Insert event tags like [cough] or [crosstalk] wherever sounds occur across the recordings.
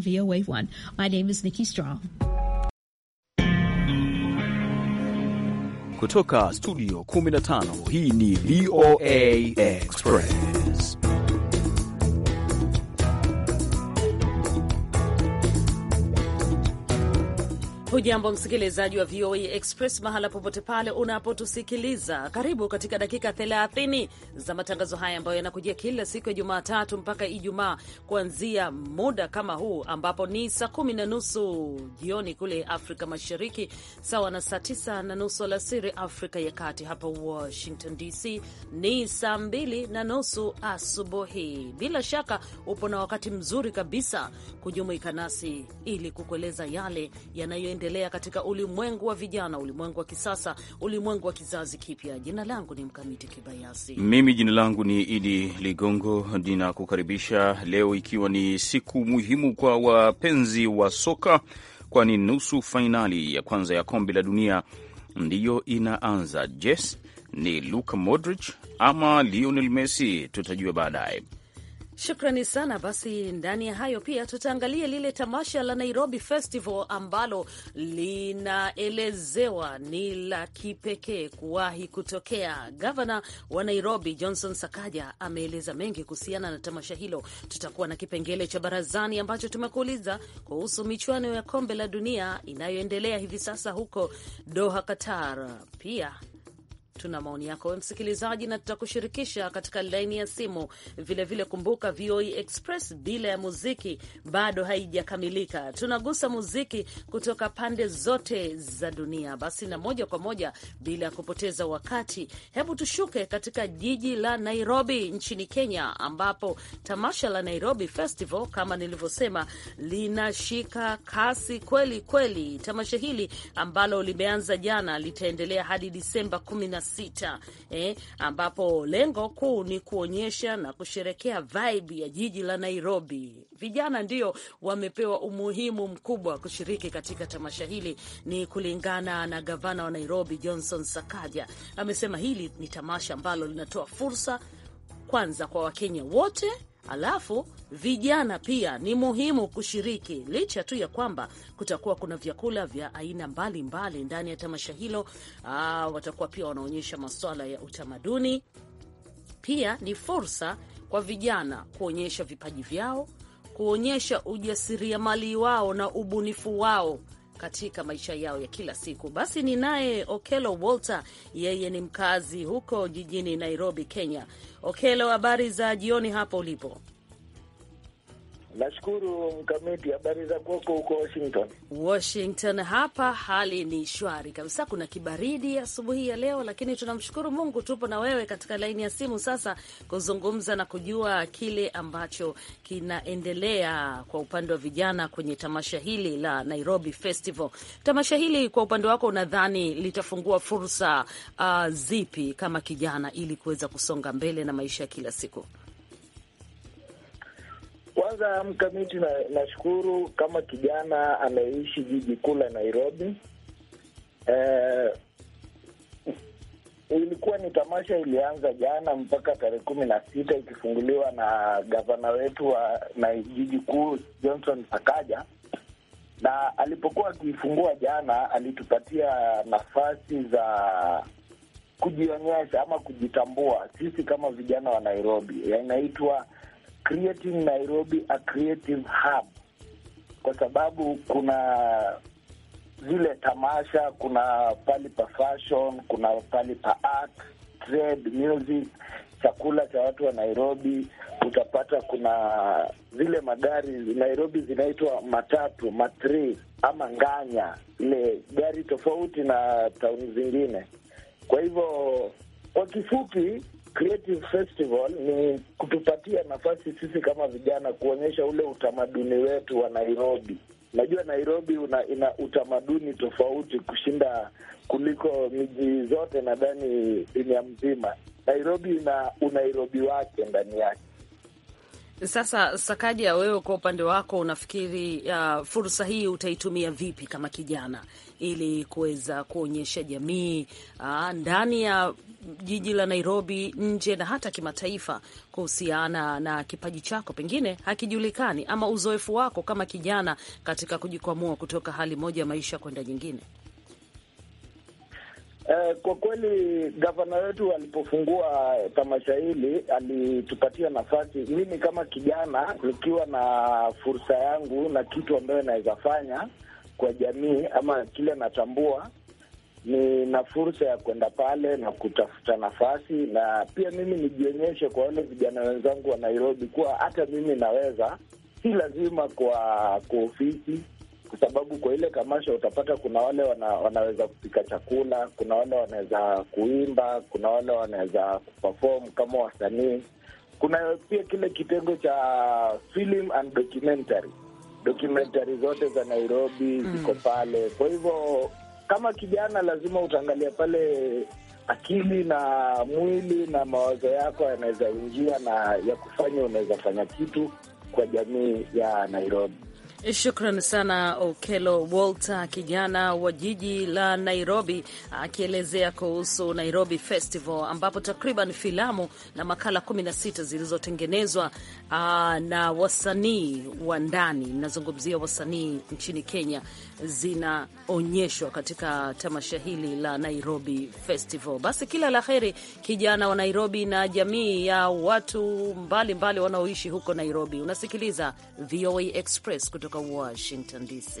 VOA1. My name is Nikki Straw. Kutoka studio 15 hii ni VOA Express. Hujambo msikilizaji wa VOA e Express mahala popote pale unapotusikiliza, karibu katika dakika 30 za matangazo haya ambayo yanakujia kila siku ya Jumatatu mpaka Ijumaa kuanzia muda kama huu ambapo ni saa kumi na nusu jioni kule Afrika Mashariki, sawa na saa tisa na nusu alasiri Afrika ya Kati. Hapa Washington DC ni saa mbili na nusu asubuhi. Bila shaka upo na wakati mzuri kabisa kujumuika nasi ili kukueleza yale yanayoendelea yanayoendelea katika ulimwengu wa vijana, ulimwengu wa kisasa, ulimwengu wa kizazi kipya. Jina langu ni Mkamiti Kibayasi. Mimi jina langu ni Idi Ligongo, ninakukaribisha leo, ikiwa ni siku muhimu kwa wapenzi wa soka, kwani nusu fainali ya kwanza ya kombe la dunia ndiyo inaanza. Jes, ni Luka Modric ama Lionel Messi? Tutajua baadaye. Shukrani sana. Basi ndani ya hayo pia tutaangalia lile tamasha la Nairobi Festival ambalo linaelezewa ni la kipekee kuwahi kutokea. Gavana wa Nairobi Johnson Sakaja ameeleza mengi kuhusiana na tamasha hilo. Tutakuwa na kipengele cha barazani ambacho tumekuuliza kuhusu michuano ya kombe la dunia inayoendelea hivi sasa huko Doha, Qatar. Pia Tuna maoni yako we msikilizaji, na tutakushirikisha katika laini ya simu vilevile. Vile kumbuka, VOA e Express bila ya muziki bado haijakamilika. Tunagusa muziki kutoka pande zote za dunia. Basi na moja kwa moja, bila ya kupoteza wakati, hebu tushuke katika jiji la Nairobi nchini Kenya, ambapo tamasha la Nairobi Festival kama nilivyosema linashika kasi kweli kweli. Tamasha hili ambalo limeanza jana litaendelea hadi Disemba sita eh, ambapo lengo kuu ni kuonyesha na kusherekea vibe ya jiji la Nairobi. Vijana ndio wamepewa umuhimu mkubwa wa kushiriki katika tamasha hili. Ni kulingana na gavana wa Nairobi Johnson Sakaja, amesema hili ni tamasha ambalo linatoa fursa kwanza kwa Wakenya wote Alafu vijana pia ni muhimu kushiriki, licha tu ya kwamba kutakuwa kuna vyakula vya aina mbalimbali ndani ya tamasha hilo. Aa, ah, watakuwa pia wanaonyesha masuala ya utamaduni. Pia ni fursa kwa vijana kuonyesha vipaji vyao, kuonyesha ujasiriamali wao na ubunifu wao katika maisha yao ya kila siku. Basi ni naye Okelo Walter, yeye ni mkazi huko jijini Nairobi, Kenya. Okelo, habari za jioni hapo ulipo? Nashukuru Mkamiti. Habari za kwako huko Washington? Washington hapa hali ni shwari kabisa, kuna kibaridi asubuhi ya leo, lakini tunamshukuru Mungu tupo na wewe katika laini ya simu sasa kuzungumza na kujua kile ambacho kinaendelea kwa upande wa vijana kwenye tamasha hili la Nairobi Festival. Tamasha hili kwa upande wako unadhani litafungua fursa uh, zipi kama kijana ili kuweza kusonga mbele na maisha ya kila siku? Kwanza mkamiti nashukuru na kama kijana anayeishi jiji kuu la Nairobi. Eh, ilikuwa ni tamasha, ilianza jana mpaka tarehe kumi na sita ikifunguliwa na gavana wetu wa na jiji kuu Johnson Sakaja, na alipokuwa akiifungua jana alitupatia nafasi za kujionyesha ama kujitambua sisi kama vijana wa Nairobi. Yanaitwa creating Nairobi a creative hub, kwa sababu kuna zile tamasha, kuna pali pa fashion, kuna pali pa art, trade, music, chakula cha watu wa Nairobi. Utapata kuna zile magari Nairobi zinaitwa matatu, matri ama nganya, ile gari tofauti na tauni zingine. Kwa hivyo kwa kifupi Creative Festival ni kutupatia nafasi sisi kama vijana kuonyesha ule utamaduni wetu wa Nairobi. Najua Nairobi una, ina utamaduni tofauti kushinda kuliko miji zote nadhani dunia mzima. Nairobi ina unairobi wake ndani yake. Sasa Sakaja, wewe kwa upande wako unafikiri uh, fursa hii utaitumia vipi kama kijana ili kuweza kuonyesha jamii uh, ndani ya jiji la Nairobi, nje na hata kimataifa, kuhusiana na kipaji chako pengine hakijulikani, ama uzoefu wako kama kijana katika kujikwamua kutoka hali moja ya maisha kwenda nyingine? Eh, kwa kweli gavana wetu alipofungua tamasha hili alitupatia nafasi, mimi kama kijana nikiwa na fursa yangu na kitu ambayo naweza fanya kwa jamii ama kile natambua, nina fursa ya kwenda pale na kutafuta nafasi, na pia mimi nijionyeshe kwa wale vijana wenzangu wa Nairobi kuwa hata mimi naweza, si lazima kwa kwa ofisi kwa sababu kwa ile kamasha utapata kuna wale wana, wanaweza kupika chakula, kuna wale wanaweza kuimba, kuna wale wanaweza kuperform kama wasanii. Kuna pia kile kitengo cha film and documentary, documentary zote za Nairobi ziko mm, pale. Kwa hivyo kama kijana lazima utaangalia pale akili na mwili na mawazo yako yanaweza ingia na ya kufanya, unaweza fanya kitu kwa jamii ya Nairobi. Eh, shukran sana Okelo Walter, kijana wa jiji la Nairobi, akielezea kuhusu Nairobi Festival ambapo takriban filamu na makala 16 zilizotengenezwa aa, ah, na wasanii wa ndani, nazungumzia wasanii nchini Kenya, zinaonyeshwa katika tamasha hili la Nairobi Festival. Basi kila la heri kijana wa Nairobi na jamii ya watu mbalimbali wanaoishi huko Nairobi. Unasikiliza VOA Express kutoka Washington DC.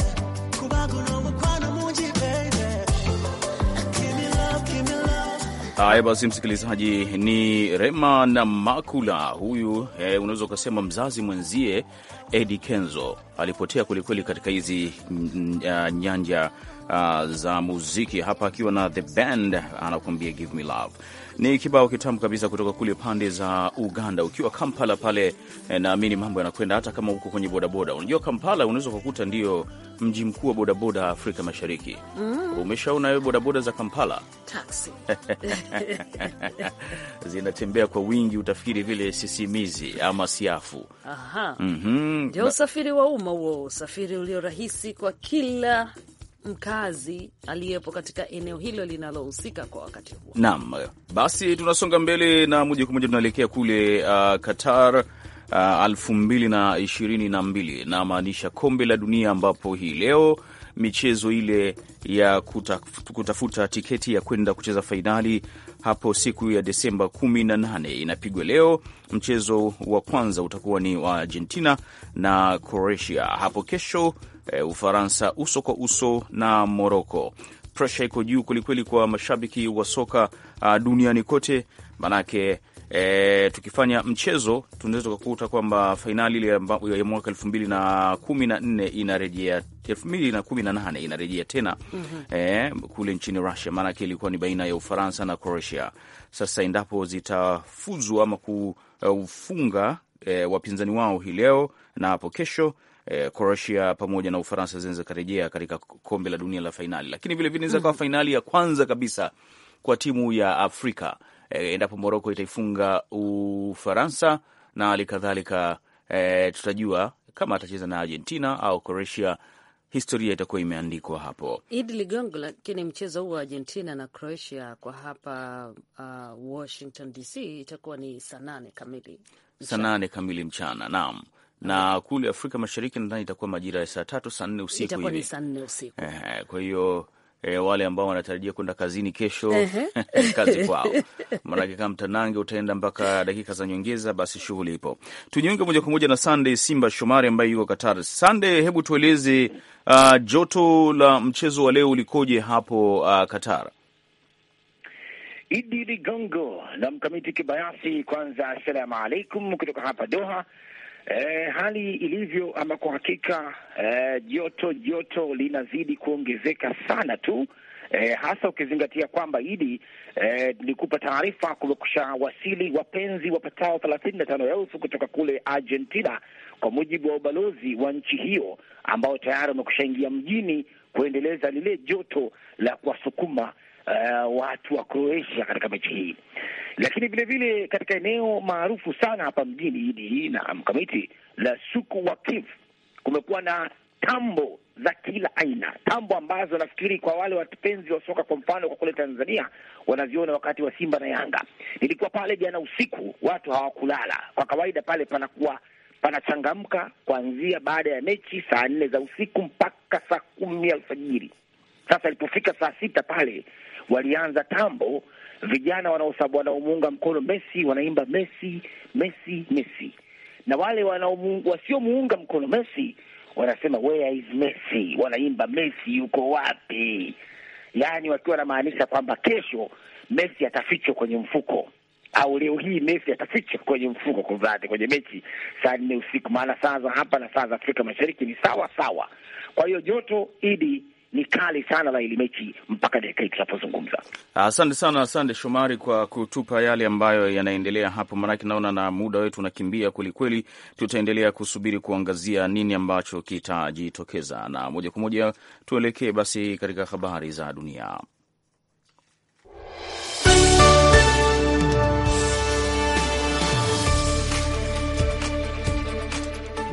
Haya basi, msikilizaji, ni Rema na Makula huyu. Eh, unaweza ukasema mzazi mwenzie edi Kenzo alipotea kwelikweli katika hizi mm, ah, nyanja uh, za muziki hapa, akiwa na the band anakuambia give me love ni kibao kitamu kabisa kutoka kule pande za Uganda. Ukiwa Kampala pale, eh, naamini mambo yanakwenda, hata kama uko kwenye bodaboda. Unajua Kampala unaweza ukakuta ndio mji mkuu wa bodaboda Afrika Mashariki. Mm. Umeshaona wewe bodaboda za Kampala taxi [laughs] zinatembea kwa wingi, utafikiri vile sisimizi ama siafu. Aha. Mm -hmm. Ndio usafiri wa umma huo, usafiri ulio rahisi kwa kila mkazi aliyepo katika eneo hilo linalohusika kwa wakati huo. Naam, basi tunasonga mbele na moja kwa moja tunaelekea kule uh, Qatar elfu uh, mbili na ishirini na mbili namaanisha kombe la dunia, ambapo hii leo michezo ile ya kutaf, kutafuta tiketi ya kwenda kucheza fainali hapo siku ya Desemba 18 inapigwa leo. Mchezo wa kwanza utakuwa ni wa Argentina na Croatia hapo kesho e, Ufaransa uso kwa uso na Moroko. Presha iko juu kwelikweli kwa mashabiki wa soka uh, duniani kote, manake E, tukifanya mchezo tunaweza tukakuta kwamba fainali ya mwaka elfu mbili na kumi na nne inarejea elfu mbili na kumi na nane inarejea tena mm -hmm. E, kule nchini Russia, maanake ilikuwa ni baina ya Ufaransa na Croatia. Sasa endapo zitafuzu ama kufunga e, wapinzani wao hii leo na hapo kesho Eh, Croatia pamoja na Ufaransa zinaweza karejea katika kombe la dunia la fainali, lakini vilevile inaweza hmm. kuwa fainali ya kwanza kabisa kwa timu ya Afrika eh, endapo Moroko itaifunga Ufaransa na hali kadhalika eh, tutajua kama atacheza na Argentina au Croatia. Historia itakuwa imeandikwa hapo. Idi Ligongo, lakini mchezo huu wa Argentina na Croatia kwa hapa uh, Washington DC itakuwa ni saa nane kamili, saa nane kamili mchana. Naam na kule Afrika Mashariki nadhani itakuwa majira ya saa tatu saa nne usiku itakuwa ni saa nne usiku eh, kwa hiyo E, wale ambao wanatarajia kwenda kazini kesho uh [laughs] -huh. kazi kwao, [laughs] maanake kama mtanange utaenda mpaka dakika za nyongeza, basi shughuli ipo. Tujiunge moja kwa moja na Sande Simba Shomari ambaye yuko Qatar. Sande, hebu tueleze uh, joto la mchezo wa leo ulikoje hapo uh, Qatar? Idi Ligongo na mkamiti kibayasi, kwanza assalamu alaikum kutoka hapa Doha E, hali ilivyo ama kwa hakika e, joto joto linazidi kuongezeka sana tu e, hasa ukizingatia kwamba idi e, nilikupa taarifa kumekusha wasili wapenzi wapatao thelathini na tano elfu kutoka kule Argentina kwa mujibu wa ubalozi wa nchi hiyo ambao tayari wamekusha ingia mjini kuendeleza lile joto la kuwasukuma uh, watu wa Croatia katika mechi hii, lakini vilevile katika eneo maarufu sana hapa mjini hidi na mkamiti la suku wa Kiev kumekuwa na tambo za kila aina, tambo ambazo nafikiri kwa wale wapenzi wa soka, kwa mfano kwa kule Tanzania, wanaziona wakati wa Simba na Yanga. Nilikuwa pale jana usiku, watu hawakulala. Kwa kawaida pale panakuwa panachangamka kuanzia baada ya mechi saa nne za usiku mpaka saa kumi alfajiri. Sasa ilipofika saa sita pale walianza tambo, vijana wanaomuunga mkono Messi wanaimba Messi, Messi, Messi, na wale wasiomuunga mkono Messi wanasema where is Messi, wanaimba Messi yuko wapi? Yaani wakiwa wanamaanisha kwamba kesho Messi atafichwa kwenye mfuko au leo hii Messi atafichwa kwenye mfuko kuvate kwenye mechi saa nne usiku, maana saa za hapa na saa za Afrika Mashariki ni sawa sawa. Kwa hiyo joto idi ni kali sana la ile mechi mpaka dakika hii tunapozungumza. Asante sana, asante Shomari kwa kutupa yale ambayo yanaendelea hapo, maanake naona na muda wetu unakimbia kwelikweli. Tutaendelea kusubiri kuangazia nini ambacho kitajitokeza, na moja kwa moja tuelekee basi katika habari za dunia.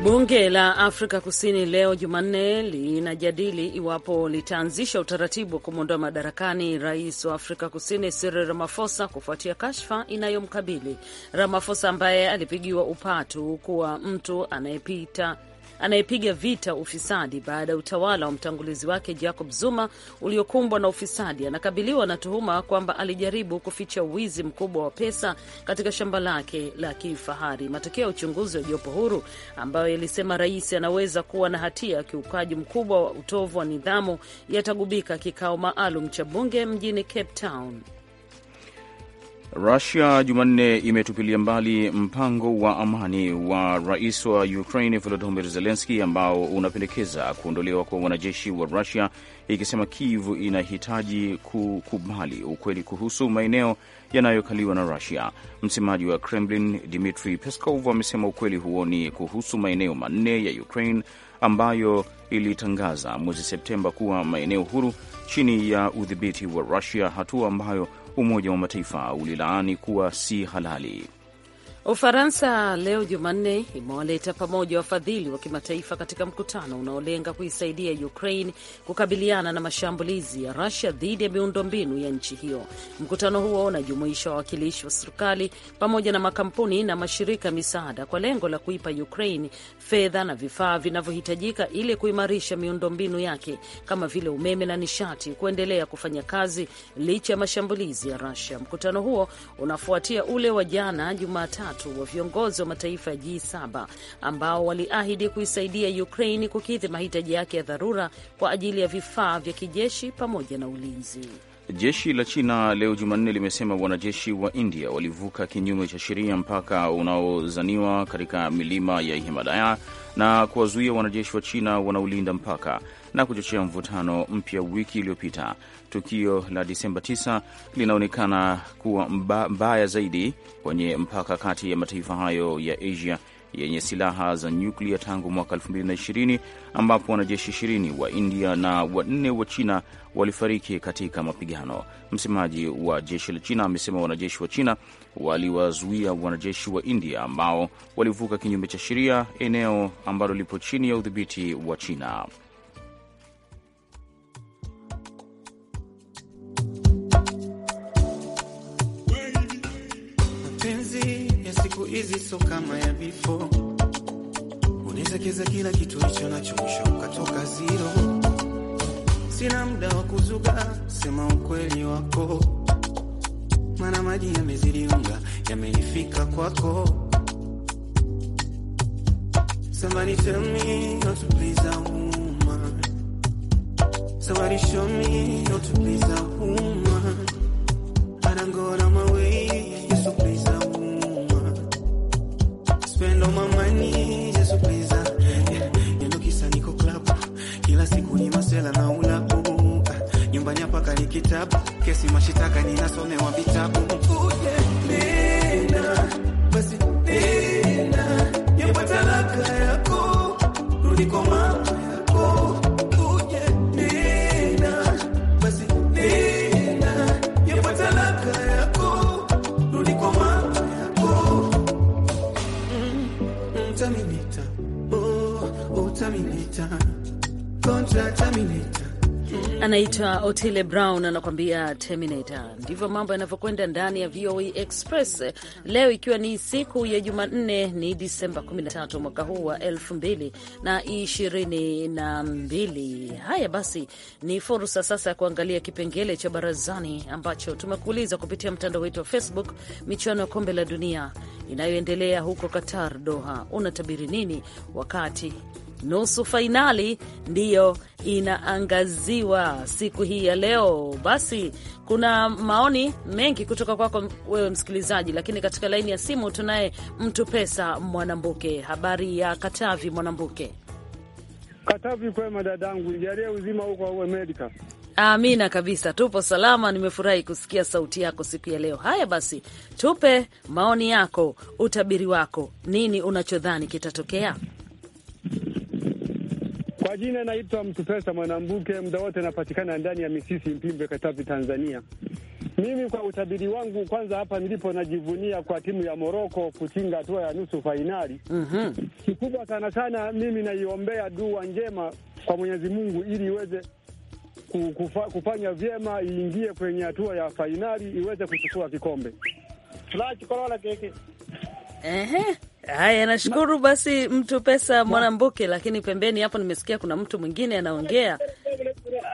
Bunge la Afrika Kusini leo Jumanne linajadili iwapo litaanzisha utaratibu wa kumwondoa madarakani rais wa Afrika Kusini Cyril Ramaphosa kufuatia kashfa inayomkabili Ramaphosa ambaye alipigiwa upatu kuwa mtu anayepita anayepiga vita ufisadi baada ya utawala wa mtangulizi wake Jacob Zuma uliokumbwa na ufisadi, anakabiliwa na tuhuma kwamba alijaribu kuficha wizi mkubwa wa pesa katika shamba lake la kifahari. Matokeo ya uchunguzi wa jopo huru ambayo yalisema rais anaweza kuwa na hatia ya kiukaji mkubwa wa utovu wa nidhamu yatagubika kikao maalum cha bunge mjini Cape Town. Rusia Jumanne imetupilia mbali mpango wa amani wa rais wa Ukraine Volodymyr Zelenski ambao unapendekeza kuondolewa kwa wanajeshi wa Rusia, ikisema Kiev inahitaji kukubali ukweli kuhusu maeneo yanayokaliwa na Rusia. Msemaji wa Kremlin Dmitri Peskov amesema ukweli huo ni kuhusu maeneo manne ya Ukraine ambayo ilitangaza mwezi Septemba kuwa maeneo huru chini ya udhibiti wa Rusia, hatua ambayo Umoja wa Mataifa ulilaani kuwa si halali. Ufaransa leo Jumanne imewaleta pamoja wafadhili wa kimataifa katika mkutano unaolenga kuisaidia Ukraine kukabiliana na mashambulizi ya rasia dhidi ya miundombinu ya nchi hiyo. Mkutano huo unajumuisha wawakilishi wa serikali pamoja na makampuni na mashirika misaada kwa lengo la kuipa Ukraine fedha na vifaa vinavyohitajika ili kuimarisha miundombinu yake kama vile umeme na nishati kuendelea kufanya kazi licha ya mashambulizi ya rasia Mkutano huo unafuatia ule wa jana jumata tatu wa viongozi wa mataifa ya G7 ambao waliahidi kuisaidia ukrain kukidhi mahitaji yake ya dharura kwa ajili ya vifaa vya kijeshi pamoja na ulinzi. Jeshi la China leo Jumanne limesema wanajeshi wa India walivuka kinyume cha sheria mpaka unaozaniwa katika milima ya Himalaya na kuwazuia wanajeshi wa China wanaolinda mpaka na kuchochea mvutano mpya wiki iliyopita. Tukio la Disemba 9 linaonekana kuwa mba, mbaya zaidi kwenye mpaka kati ya mataifa hayo ya Asia yenye silaha za nyuklia tangu mwaka 2020 ambapo wanajeshi ishirini wa India na wanne wa China walifariki katika mapigano. Msemaji wa jeshi la China amesema wanajeshi wa China waliwazuia wanajeshi wa India ambao walivuka kinyume cha sheria eneo ambalo lipo chini ya udhibiti wa China. mapenzi ya siku hizi so kama ya bifo, unisekeza kila kitu hicho nacho, mwisho ukatoka zero. Sina muda wa kuzuga, sema ukweli wako, mana maji yamezidi unga, yameifika kwako. Somebody tell me not to please a woman. Somebody show me not to please a woman. I don't go to my Uingereza na ula uh, uh, nyumbani hapa kali kitabu, kesi mashitaka ninasomewa vitabu uh, yeah. anaitwa Otile Brown anakuambia Terminator. Ndivyo mambo yanavyokwenda ndani ya VOA e Express leo, ikiwa ni siku ya Jumanne, ni Disemba 13 mwaka huu wa 2022. Haya basi, ni fursa sasa ya kuangalia kipengele cha barazani ambacho tumekuuliza kupitia mtandao wetu wa Facebook. Michuano ya kombe la dunia inayoendelea huko Qatar, Doha, unatabiri nini wakati nusu fainali ndiyo inaangaziwa siku hii ya leo. Basi kuna maoni mengi kutoka kwako wewe msikilizaji, lakini katika laini ya simu tunaye mtu pesa Mwanambuke. Habari ya Katavi, Mwanambuke? Katavi kwema, dadangu, jalie uzima huko uwe Amerika. Amina kabisa, tupo salama. Nimefurahi kusikia sauti yako siku ya leo. Haya basi, tupe maoni yako, utabiri wako, nini unachodhani kitatokea? Kwa jina naitwa Mtupesa Mwanambuke, muda wote napatikana ndani ya Misisi, Mpimbwe, Katavi, Tanzania. Mimi kwa utabiri wangu, kwanza hapa nilipo najivunia kwa timu ya Moroko kutinga hatua ya nusu fainali. mm-hmm. Kikubwa sana sana mimi naiombea dua njema kwa Mwenyezi Mungu ili iweze kufa, kufanya vyema iingie kwenye hatua ya fainali iweze kuchukua kikombe. Ehe. Haya, nashukuru basi mtu pesa mwanambuke. Lakini pembeni hapo nimesikia kuna mtu mwingine anaongea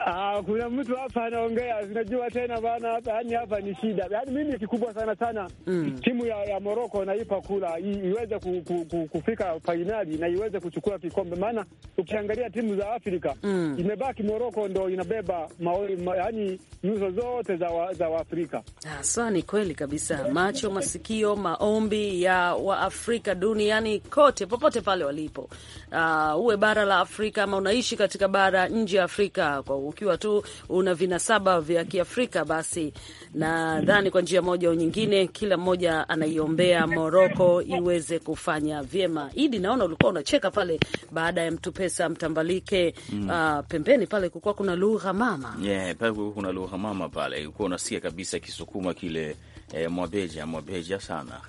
Ah, kuna mtu hapa anaongea, unajua tena bana, yani hapa ni shida. Yaani mimi kikubwa sana sana mm. timu ya, ya Morocco naipa kula iweze ku, ku, ku, kufika fainali na iweze kuchukua kikombe, maana ukiangalia timu za Afrika mm. imebaki Morocco ndo inabeba maoni ma, yani nyuso zote za wa, za Waafrika. Ah, so ni kweli kabisa, macho masikio, maombi ya Waafrika duniani kote, popote pale walipo, uh, uwe bara la Afrika ama unaishi katika bara nje ya Afrika kwa ukiwa tu una vinasaba vya Kiafrika, basi nadhani kwa njia moja au nyingine, kila mmoja anaiombea Moroko iweze kufanya vyema. Idi, naona ulikuwa unacheka pale baada ya mtu pesa mtambalike mm. Uh, pembeni pale kulikuwa kuna lugha mama yeah, pale kulikuwa kuna lugha mama pale, ulikuwa unasikia kabisa Kisukuma kile E, mwabeja mwabeja sana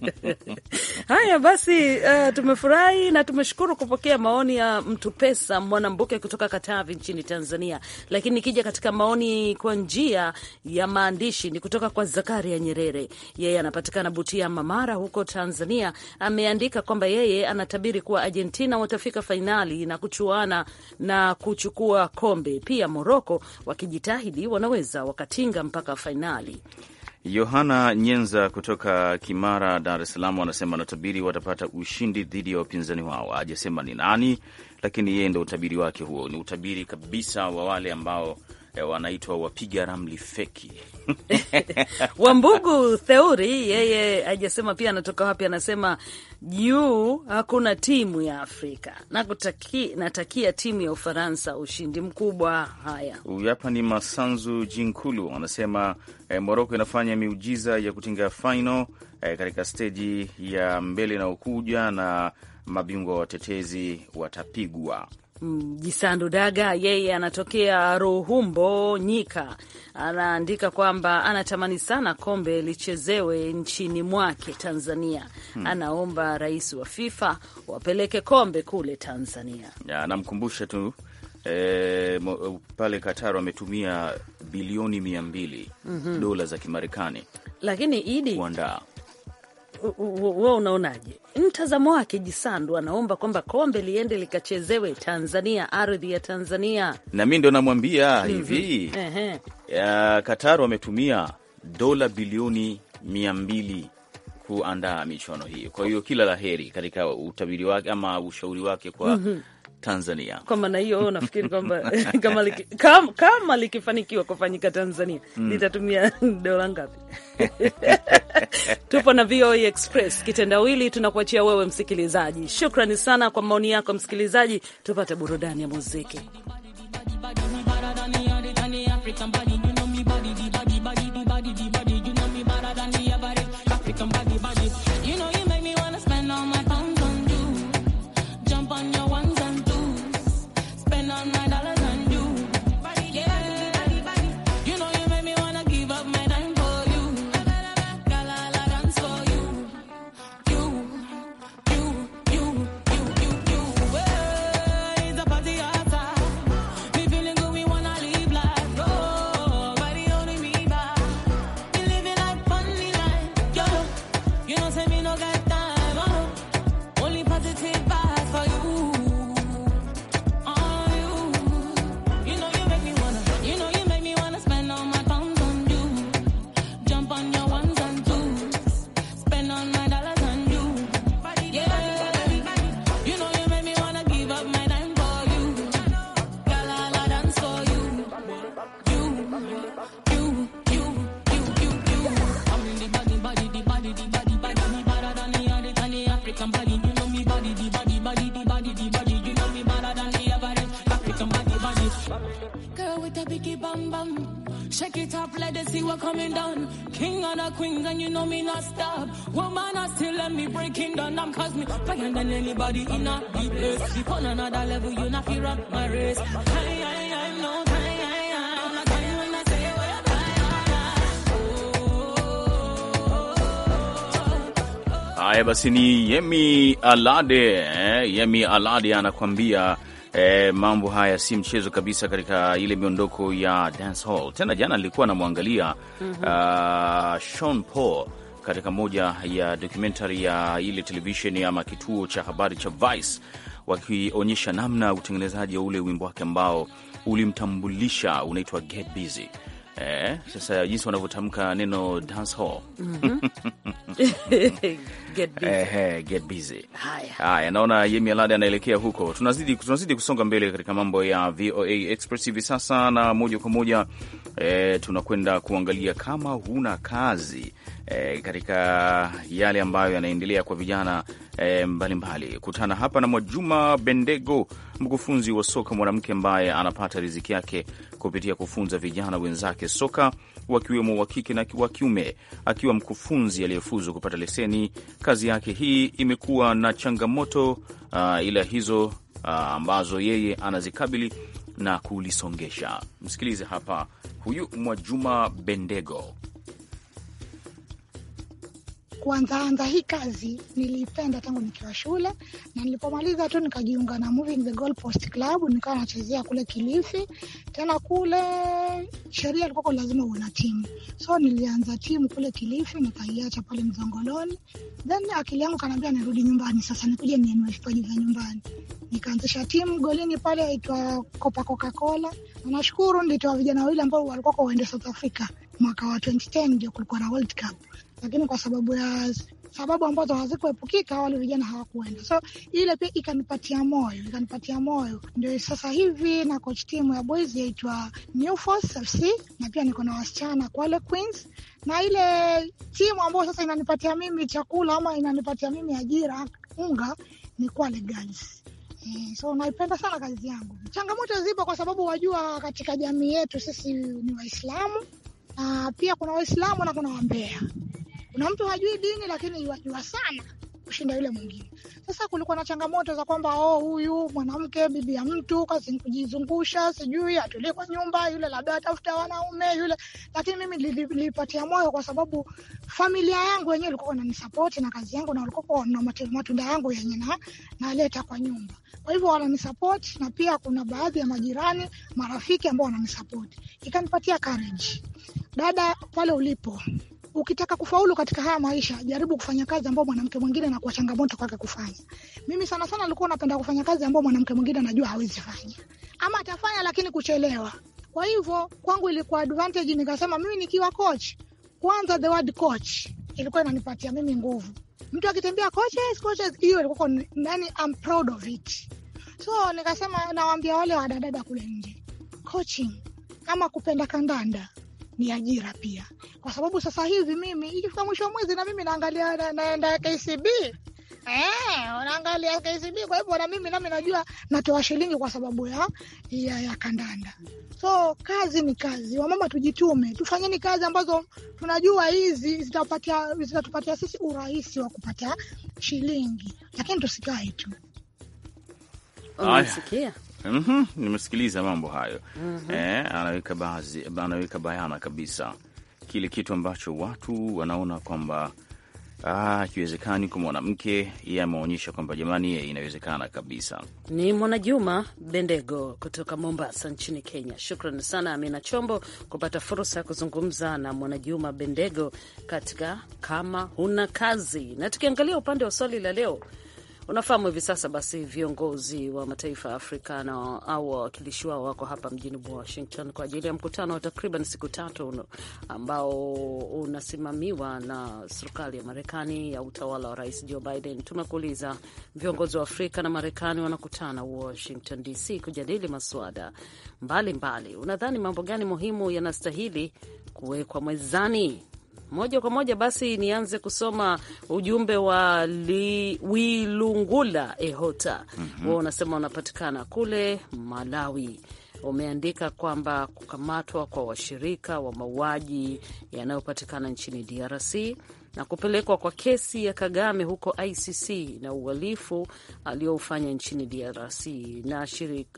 [laughs] haya basi, uh, tumefurahi na tumeshukuru kupokea maoni ya mtu pesa Mwanambuke kutoka Katavi nchini Tanzania. Lakini nikija katika maoni kwa njia ya maandishi ni kutoka kwa Zakaria Nyerere, yeye anapatikana Butia Mamara huko Tanzania. Ameandika kwamba yeye anatabiri kuwa Argentina watafika fainali na kuchuana na kuchukua kombe. Pia Moroko wakijitahidi wanaweza wakatinga mpaka fainali. Yohana Nyenza kutoka Kimara, Dar es Salaam, anasema anatabiri watapata ushindi dhidi ya wapinzani wao. Hajasema ni nani, lakini yeye ndo utabiri wake huo, ni utabiri kabisa wa wale ambao Eh, wanaitwa wapiga ramli feki. [laughs] Wambugu Theuri yeye ajasema pia anatoka wapi, anasema juu hakuna timu ya Afrika nakutaki, natakia timu ya Ufaransa ushindi mkubwa. Haya, huyu hapa ni Masanzu Jinkulu anasema eh, Moroko inafanya miujiza ya kutinga final eh, katika steji ya mbele inayokuja na mabingwa watetezi watapigwa. Jisando Daga yeye anatokea Ruhumbo Nyika, anaandika kwamba anatamani sana kombe lichezewe nchini mwake Tanzania. Hmm, anaomba rais wa FIFA wapeleke kombe kule Tanzania. Namkumbusha tu E, pale katar wametumia bilioni mia mbili mm -hmm. dola za Kimarekani, lakini idi kuandaa wewe unaonaje mtazamo wake? Jisandu anaomba kwamba kombe liende likachezewe Tanzania, ardhi ya Tanzania, na mi ndo namwambia mm -hmm. hivi kataru wametumia dola bilioni mia mbili kuandaa michuano hii. Kwa hiyo kila la heri katika utabiri wake ama ushauri wake kwa mm -hmm. Tanzania. Kwa maana hiyo nafikiri kwamba [laughs] kama, liki, kama likifanikiwa kufanyika Tanzania mm. litatumia [laughs] dola ngapi? [laughs] Tupo na VOA e Express kitendawili, tunakuachia wewe msikilizaji. Shukrani sana kwa maoni yako msikilizaji, tupate burudani ya muziki. man of queens and you know me not stop. Woman, I still let me break in the numb cause me fire than anybody in a deep place. If on another level, you not fear up my race. I, I, I, no Haya basi, ni Yemi Alade eh? Yemi Alade anakwambia E, mambo haya si mchezo kabisa katika ile miondoko ya dance hall. Tena jana nilikuwa namwangalia mm -hmm. uh, Sean Paul katika moja ya documentary ya ile televisheni ama kituo cha habari cha Vice wakionyesha namna utengenezaji wa ule wimbo wake ambao ulimtambulisha unaitwa Get Busy. Eh, sasa jinsi wanavyotamka neno dance hall mm-hmm. [laughs] get busy. Eh, eh, Haya, naona Yemi Alade anaelekea huko. Tunazidi, tunazidi kusonga mbele katika mambo ya VOA Express hivi sasa, na moja kwa moja e, tunakwenda kuangalia kama huna kazi e, katika yale ambayo yanaendelea kwa vijana e, mbalimbali. Kutana hapa na Mwajuma Bendego, mkufunzi wa soka mwanamke ambaye anapata riziki yake kupitia kufunza vijana wenzake soka wakiwemo wa kike na wa kiume. Akiwa mkufunzi aliyefuzu kupata leseni, kazi yake hii imekuwa na changamoto uh, ila hizo uh, ambazo yeye anazikabili na kulisongesha. Msikilize hapa huyu Mwajuma Bendego kuanza anza hii kazi nilipenda tangu nikiwa shule, na nilipomaliza tu nikajiunga na Moving the Goalpost Club, nikawa nachezea kule Kilifi. Tena kule sheria ilikuwa lazima uwe na timu, so nilianza timu kule Kilifi, nikaiacha pale Mzongoloni. Then akili yangu kanaambia nirudi nyumbani, sasa nikuja nienue vipaji vya nyumbani. Nikaanzisha timu golini pale aitwa Kopa Coca-Cola, na nashukuru ndio vijana wawili ambao walikuwa waende South Africa mwaka wa 2010 ndio kulikuwa na World Cup lakini kwa sababu ya sababu ambazo hazikuepukika wale vijana hawakuenda, so ile pia ikanipatia moyo, ikanipatia moyo. Ndio sasa hivi na coach timu ya boys yaitwa New Force FC, na pia niko na wasichana Kwale Queens, na ile timu ambayo sasa inanipatia mimi chakula ama inanipatia mimi ajira unga ni Kwale Girls. Eh, so naipenda sana kazi yangu. Changamoto zipo, kwa sababu wajua, katika jamii yetu sisi ni Waislamu na pia kuna Waislamu na kuna Wambea kuna mtu hajui dini lakini yuajua sana kushinda yule mwingine. Sasa kulikuwa na changamoto za kwamba oh, huyu mwanamke bibi ya mtu kujizungusha, sijui atulie kwa nyumba, yule labda atafuta wanaume yule. Lakini mimi nilipatia moyo, kwa sababu familia yangu wenyewe ilikuwa wananisapoti na kazi yangu, na walikuwa na matunda yangu yenye na naleta kwa nyumba, kwa hivyo wananisapoti, na pia kuna baadhi ya majirani, marafiki ambao wananisapoti, ikanipatia courage. Dada pale ulipo Ukitaka kufaulu katika haya maisha, jaribu kufanya kazi ambayo mwanamke mwingine anakuwa changamoto kwake kufanya. Mimi sana sana nilikuwa napenda kufanya kazi ambayo mwanamke mwingine anajua hawezi fanya, ama atafanya lakini kuchelewa. Kwa hivyo kwangu ilikuwa advantage, nikasema mimi nikiwa coach, kwanza the word coach ilikuwa inanipatia mimi nguvu. Mtu akitembea coaches, coaches, hiyo ilikuwa nani, I'm proud of it. So nikasema nawaambia wale wadadada kule nje, coaching ama kupenda kandanda ni ajira pia kwa sababu sasa hivi mimi ikifika mwisho wa mwezi na mimi naangalia na, KCB Eh, unaangalia KCB kwa hivyo na mimi nami najua natoa shilingi kwa sababu ya, ya, ya kandanda. So kazi ni kazi, wamama tujitume, tufanyeni kazi ambazo tunajua hizi zitapatia zitatupatia sisi urahisi wa kupata shilingi, lakini tusikae tu. Umesikia? Mhm, nimesikiliza mambo hayo. Mm -hmm. Eh, anaweka baadhi, anaweka bayana kabisa kile kitu ambacho watu wanaona kwamba akiwezekani ah, kwa mwanamke yeye ameonyesha kwamba jamani, ye inawezekana kabisa. Ni Mwanajuma Bendego kutoka Mombasa nchini Kenya. Shukran sana Amina Chombo kupata fursa ya kuzungumza na Mwanajuma Bendego katika kama huna kazi. Na tukiangalia upande wa swali la leo Unafahamu hivi sasa basi viongozi wa mataifa ya Afrika na au wawakilishi wao wako hapa mjini Washington kwa ajili ya mkutano wa takriban siku tatu ambao unasimamiwa na serikali ya Marekani ya utawala wa Rais Joe Biden. Tumekuuliza viongozi wa Afrika na Marekani wanakutana Washington DC kujadili maswada mbalimbali, unadhani mambo gani muhimu yanastahili kuwekwa mezani? Moja kwa moja basi nianze kusoma ujumbe wa li, Wilungula Ehota mm -hmm. Wao unasema kule Malawi umeandika kwamba kukamatwa kwa washirika wa mauaji yanayopatikana nchini DRC na kupelekwa kwa kesi ya Kagame huko ICC na uhalifu aliyoufanya nchini DRC na,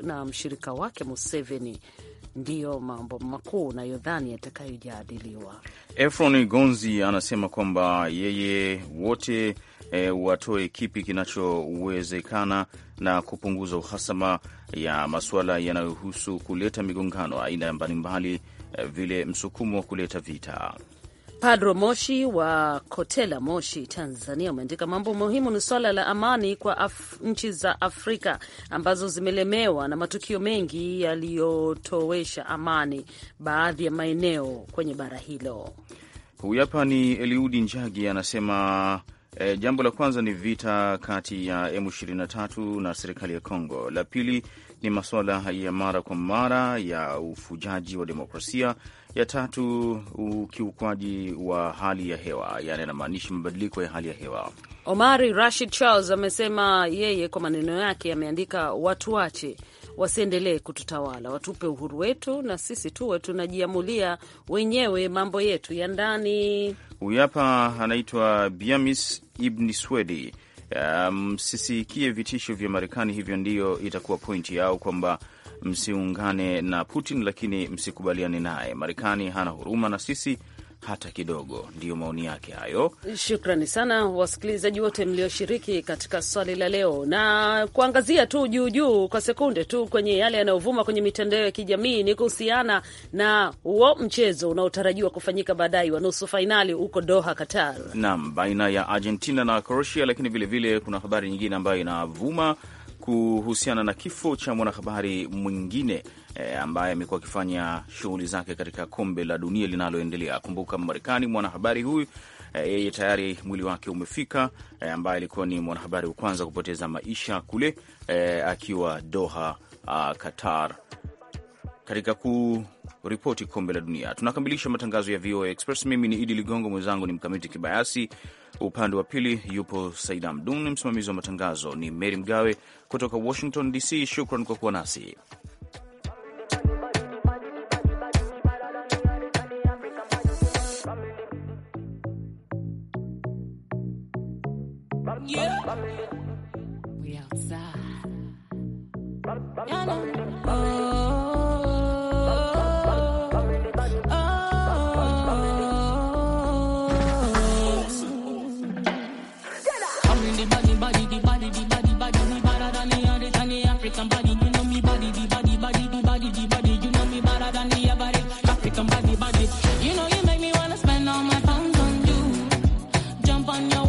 na mshirika wake Museveni ndiyo mambo makuu nayodhani yatakayojadiliwa. Efron Gonzi anasema kwamba yeye wote e, watoe kipi kinachowezekana na kupunguza uhasama ya masuala yanayohusu kuleta migongano aina mbalimbali, e, vile msukumo wa kuleta vita Padro Moshi wa Kotela, Moshi, Tanzania, umeandika mambo muhimu ni swala la amani kwa af nchi za Afrika ambazo zimelemewa na matukio mengi yaliyotowesha amani baadhi ya maeneo kwenye bara hilo. Huyu hapa ni Eliudi Njagi anasema E, jambo la kwanza ni vita kati ya M23 na serikali ya congo La pili ni masuala ya mara kwa mara ya ufujaji wa demokrasia ya tatu ukiukwaji wa hali ya hewa, yani anamaanisha mabadiliko ya hali ya hewa. Omari Rashid Charles amesema yeye, kwa maneno yake, ameandika watu wache wasiendelee kututawala, watupe uhuru wetu na sisi tuwe tunajiamulia wenyewe mambo yetu ya ndani. Huyu hapa anaitwa Biamis Ibni Swedi. Um, vitisho vya Marekani, hivyo ndiyo itakuwa pointi yao kwamba msiungane na Putin, lakini msikubaliane naye. Marekani hana huruma na sisi hata kidogo. Ndiyo maoni yake hayo. Shukrani sana wasikilizaji wote mlioshiriki katika swali la leo, na kuangazia tu juujuu kwa sekunde tu kwenye yale yanayovuma kwenye mitandao ya kijamii ni kuhusiana na huo mchezo unaotarajiwa kufanyika baadaye wa nusu fainali huko Doha, Qatar, naam, baina ya Argentina na Croatia. Lakini vilevile kuna habari nyingine ambayo inavuma kuhusiana na kifo cha mwanahabari mwingine e, ambaye amekuwa akifanya shughuli zake katika kombe la dunia linaloendelea. Kumbuka Marekani, mwanahabari huyu e, yeye tayari mwili wake umefika, e, ambaye alikuwa ni mwanahabari wa kwanza kupoteza maisha kule e, akiwa Doha, a, Qatar. Katika ku ripoti kombe la dunia. Tunakamilisha matangazo ya VOA Express. Mimi ni Idi Ligongo, mwenzangu ni Mkamiti Kibayasi, upande wa pili yupo Saida Mdun, msimamizi wa matangazo ni Mary Mgawe kutoka Washington DC. Shukran kwa kuwa nasi.